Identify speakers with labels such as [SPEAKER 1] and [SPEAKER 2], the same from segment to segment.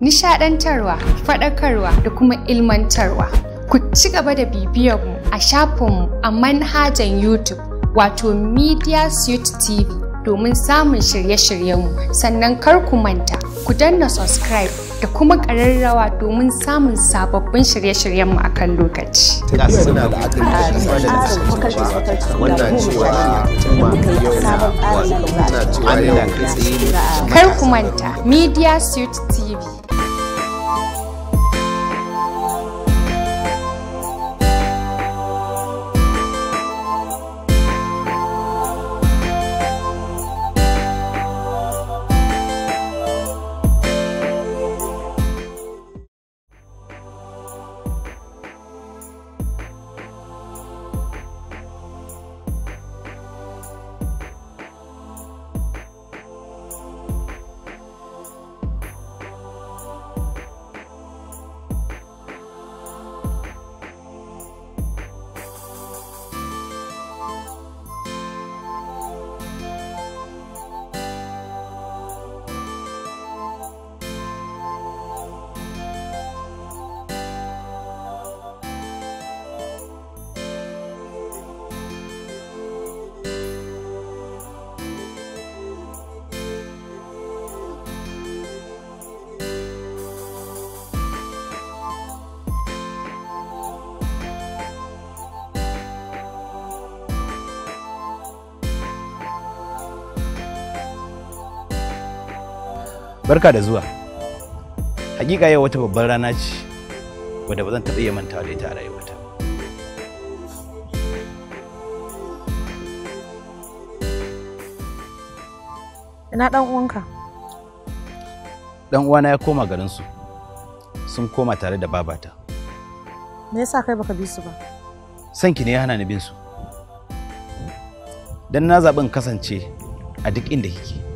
[SPEAKER 1] nishadantarwa, faɗakarwa da kuma ilmantarwa. Ku ci gaba da bibiyarmu a shafinmu a manhajan YouTube wato Media Suite TV domin samun shirye-shiryenmu sannan kar ku manta ku danna subscribe da kuma ƙararrawa domin samun sababbin shirye-shiryenmu a kan lokaci. Karku Kar ku manta Media Suite TV
[SPEAKER 2] barka da zuwa hakika yau wata babbar rana ce wadda ba zan taɓa iya mantawa da ita a rayuwata
[SPEAKER 3] ina dan uwanka
[SPEAKER 2] dan uwana ya koma garinsu sun koma tare da babata
[SPEAKER 3] me yasa kai baka bi su ba
[SPEAKER 2] san ki ne ya hana ni bin su dan na zaɓin kasance a duk inda kike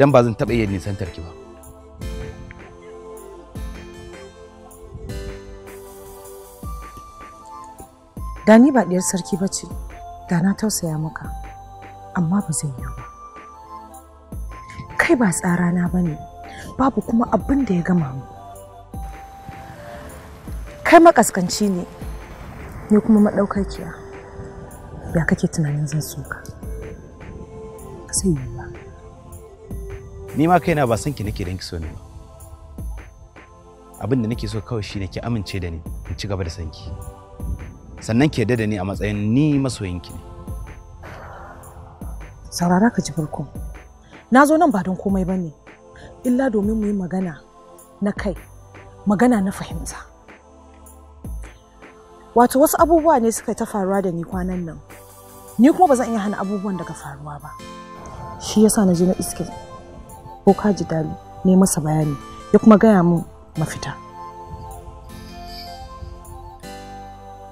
[SPEAKER 2] don ba zan taɓa iya nisantar ki ba
[SPEAKER 3] da ni ba ɗiyar sarki ba ce da na tausaya maka amma ba zai yi ba kai ba tsara na ba ne babu kuma abin da ya gama mu kai makaskanci ne ni kuma maɗaukakiya ya kake tunanin zan soka sai yi ba
[SPEAKER 2] ni ma kaina ba san ki nake dan ki so ne ba abin da nake so kawai shine ki amince da ni in ci gaba da san sannan ki yarda da ni a matsayin ni masoyin ki ne
[SPEAKER 3] saurara ka ji farko na zo nan ba don komai ba ne illa domin mu yi magana na kai magana na fahimta wato wasu abubuwa ne suka ta faruwa da ni kwanan nan ni kuma ba zan iya hana abubuwan daga faruwa ba shi yasa na je na iske ko ji dali ne masa bayani ya kuma gaya mu mafita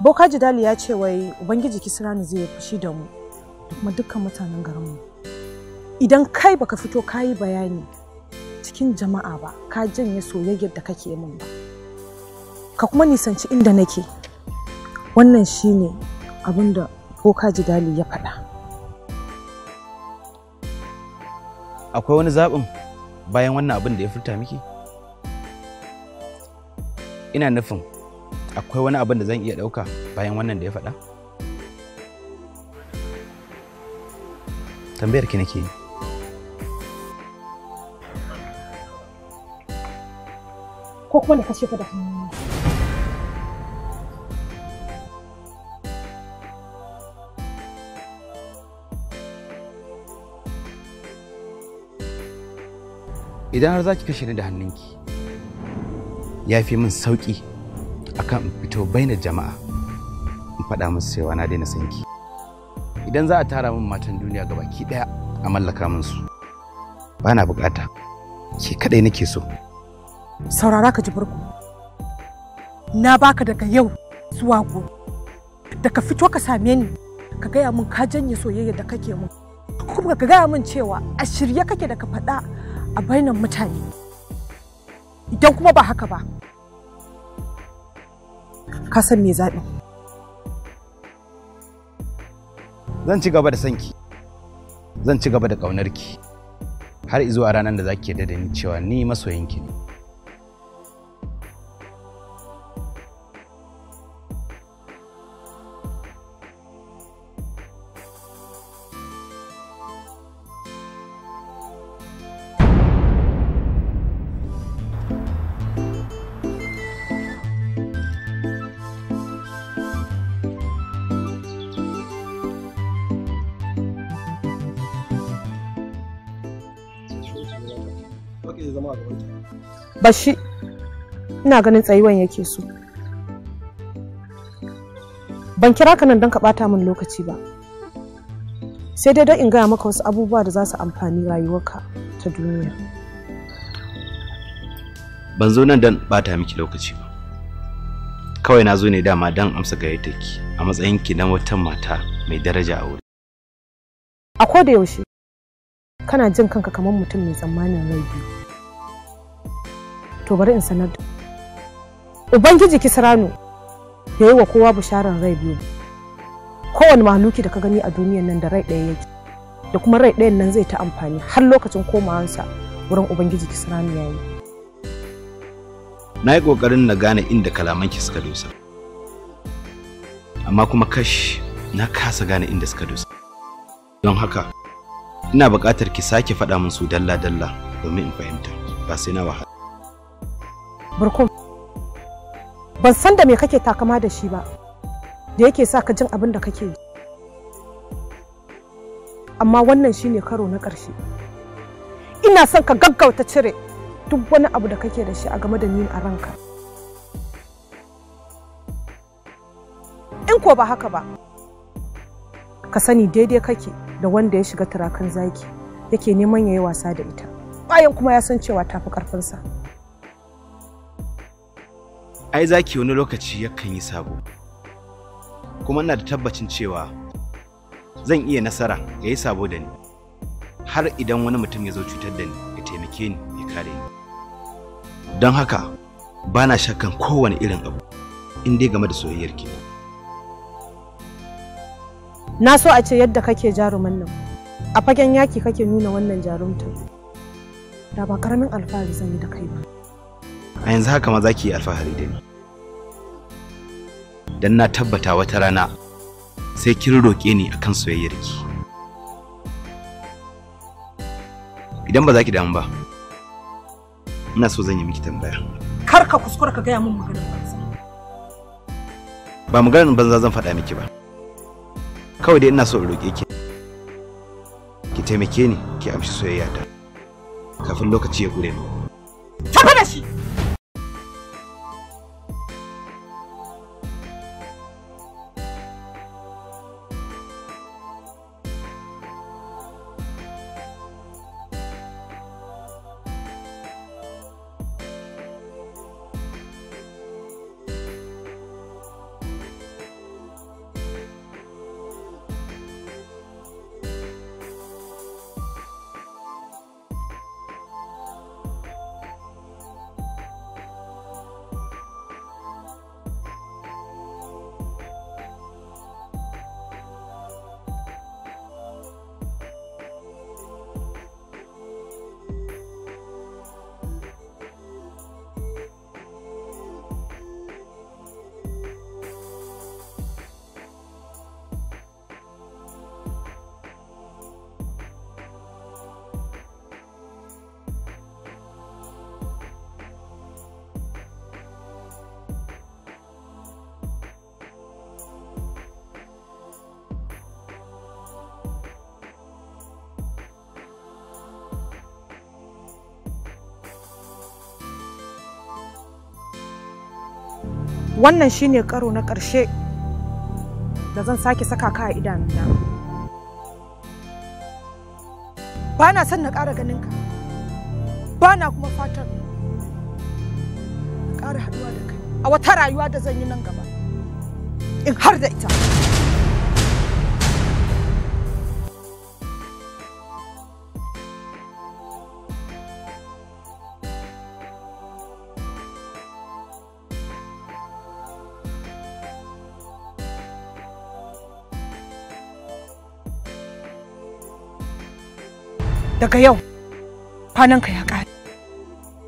[SPEAKER 3] bokaji dali ya ce wai ubangiji kisirani zai fushi da mu da kuma dukkan mutanen garinmu idan kai baka fito ka yi bayani cikin jama'a ba ka janye soyayyar da kake min ba ka kuma nisanci inda nake wannan shine abinda da bokaji dali ya faɗa
[SPEAKER 2] akwai wani zaɓin bayan wannan abin da ya furta miki ina nufin akwai wani abin da zan iya ɗauka bayan wannan da ya faɗa tambayar ki nake
[SPEAKER 3] ko kuma kashe ka da hannu
[SPEAKER 2] idan har za ki kashe ni da hannunki ya fi min sauƙi akan in fito baina jama'a in faɗa musu cewa na daina ki. idan za a tara min matan duniya ga baki ɗaya a mallaka min su ba na buƙata ke kaɗai nake so
[SPEAKER 3] saurara ka ji burku na baka daga yau zuwa gobe da ka fito ka same ni ka gaya min ka janye soyayya da kake mun kuma ka gaya mun cewa a shirye kake da ka faɗa a bainan mutane idan kuma ba haka ba ka san me zaɓi
[SPEAKER 2] zan ci gaba da sanki zan ci gaba da ƙaunarki har izuwa ranar da za ki da ni cewa ni masoyinki ne
[SPEAKER 3] bashi ina ganin tsayuwan yake so ban kira ka nan don ka bata min lokaci ba sai dai don in gaya maka wasu abubuwa da za su amfani rayuwarka ta duniya
[SPEAKER 2] ban zo nan don bata miki lokaci ba kawai na zo ne dama don amsa gayyatarki a matsayin ki na wata mata mai daraja a wuri
[SPEAKER 3] a koda yaushe kana jin kanka kamar mutum mai tsammanin rai biyu to bari in sanar da ubangiji kisranu ya yi wa kowa bisharar rai biyu kowane mahaluki da ka gani a duniyan nan da rai ɗaya yake da kuma rai ɗayan nan zai ta amfani har lokacin komawansa wurin ubangiji kisranu ya yi
[SPEAKER 2] na yi ƙoƙarin na gane inda kalamanki suka dosa amma kuma kash na kasa gane inda suka dosa don haka ina buƙatar ki sake faɗa min su dalla-dalla domin in fahimta ba sai na wahala
[SPEAKER 3] burkun ban san da me kake takama da shi ba da yake sa ka jin abin da kake ji amma wannan shine karo na ƙarshe ina son ka gaggauta cire duk wani abu da kake da shi a game da ni a ranka in ko ba haka ba ka sani daidai kake da wanda ya shiga turakan zaki yake neman ya yi wasa da ita bayan kuma ya san cewa tafi ƙarfinsa.
[SPEAKER 2] ai zaki wani lokaci yakan yi sabo kuma ina da tabbacin cewa zan iya nasara ya yi sabo da ni har idan wani mutum ya zo cutar da ni ya taimake ni ya kare ni don haka ba na shakkan kowane irin abu in dai game da soyayyar ki
[SPEAKER 3] na so a ce yadda kake jaruman nan a fagen yaki kake nuna wannan jarumtar da ba karamin alfahari zan yi da kai ba
[SPEAKER 2] a yanzu haka ma za ki yi alfahari da ni don na tabbata wata rana sai kin roƙe ni akan soyayyarki idan ba za ki damu ba ina so zan yi miki tambaya
[SPEAKER 3] kar ka kuskura ka gaya min maganar banza
[SPEAKER 2] ba maganar banza zan faɗa miki ba kawai dai ina so in roƙe ki ki taimake ni ki amshi soyayya ta kafin lokaci ya gure ni
[SPEAKER 3] tafi da shi wannan shine karo na ƙarshe da zan sake saka ka a idanuna ba na son na ƙara ganin ka ba na kuma fatan. ƙara haɗuwa da kai a wata rayuwa da zan yi nan gaba in har da ita daga yau kwananka ya ƙare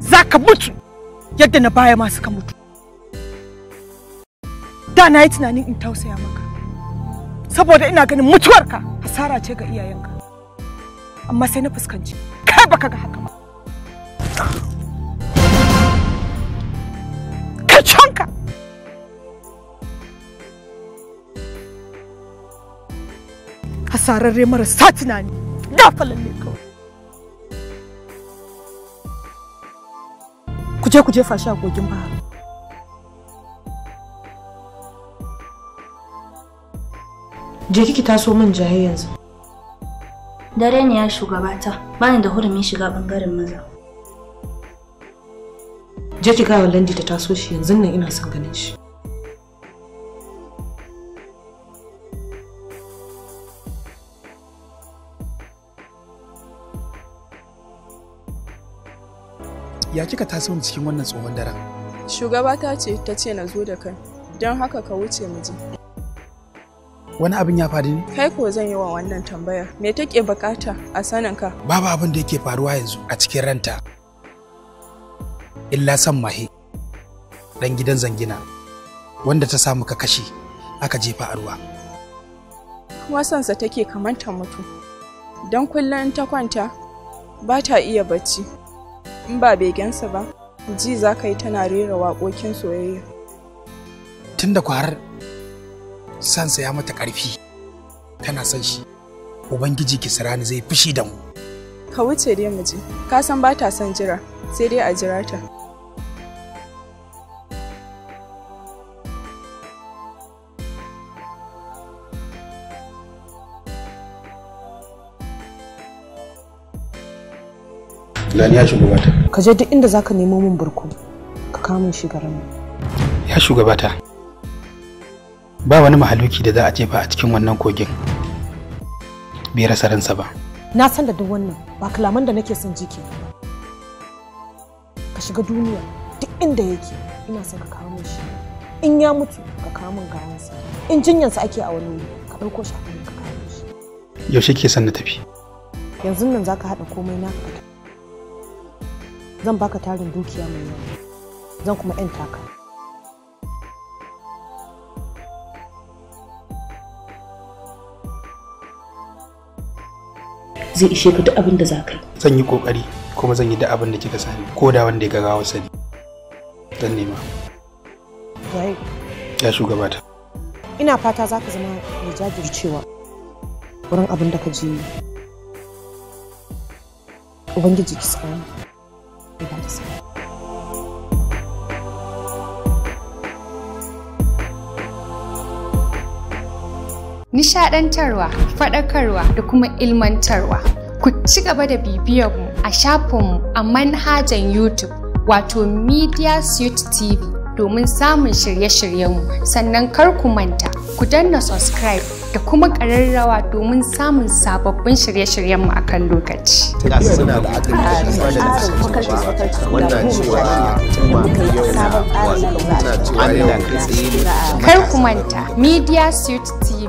[SPEAKER 3] za ka mutu yadda na baya ma suka mutu da na yi tunanin in tausaya maka saboda ina ganin mutuwarka hasara ce ga iyayenka amma sai na fuskanci kai baka ga haka ba ka canka hasararre marasa tunani da falalle kawai je ku jefa shi a kogin ba. je kiki taso min jahe yanzu
[SPEAKER 4] dare ne ya shugabata bani da hurumin shiga bangaren maza
[SPEAKER 3] je ki wa landi ta taso shi yanzu nan ina son ganin shi
[SPEAKER 4] ya kika taso cikin wannan tsohon daren
[SPEAKER 3] shugaba ta ce ta ce na zo da kai don haka ka wuce mu
[SPEAKER 4] je wani abin ya faru ne
[SPEAKER 3] kai ko zan yi wa wannan tambayar me take bukata a sanin ka
[SPEAKER 4] babu abin da yake faruwa yanzu a cikin ranta illa san mahe dan gidan zangina wanda ta samu ka kashe aka jefa a ruwa
[SPEAKER 3] wasansa take kamanta mutu don kullum ta kwanta ba ta iya bacci in ba begensa ba ji za ka yi tana rera waƙoƙin soyayya
[SPEAKER 4] tun da kwarar sansa ya mata ƙarfi tana son shi ubangiji kisirani zai fushi da mu
[SPEAKER 3] ka wuce dai mu je ka san ba ta son jira sai dai a jira ta
[SPEAKER 4] Lani ya shugabata
[SPEAKER 3] ka je duk inda zaka nemo min burku ka kama shi garin
[SPEAKER 4] ya shugabata ba wani mahaluki da za a jefa a cikin wannan kogin bai rasa ransa ba
[SPEAKER 3] na san da duk wannan ba kalaman da nake son jiki ka shiga duniya duk inda yake ina son ka kawo min shi in ya mutu ka kawo min gawansa in jinyarsa ake a wani wuri ka ɗauko shi a ka kawo shi
[SPEAKER 4] yaushe ke son na tafi
[SPEAKER 3] yanzu nan zaka haɗa komai naka zan baka tarin dukiya mai yawa zan kuma 'yan taka
[SPEAKER 4] zai ishe ka duk abin da za ka yi zan yi kokari kuma zan yi duk abin da kika sani ko da wanda ya gawa sani. zan nema waye ya shugabata
[SPEAKER 3] ina fata za ka zama mai jajircewa wurin abin da ka ji ubangiji ki tsaya Nishaɗantarwa,
[SPEAKER 1] Nishadantarwa, faɗakarwa da kuma ilmantarwa. Ku ci gaba da bibiyarmu a shafinmu a manhajan YouTube wato Media Suite TV domin samun shirye-shiryenmu sannan kar ku manta ku danna subscribe da kuma ƙararrawa domin samun sababbin shirye-shiryenmu a kan lokaci. Kar ku manta, Media Suite TV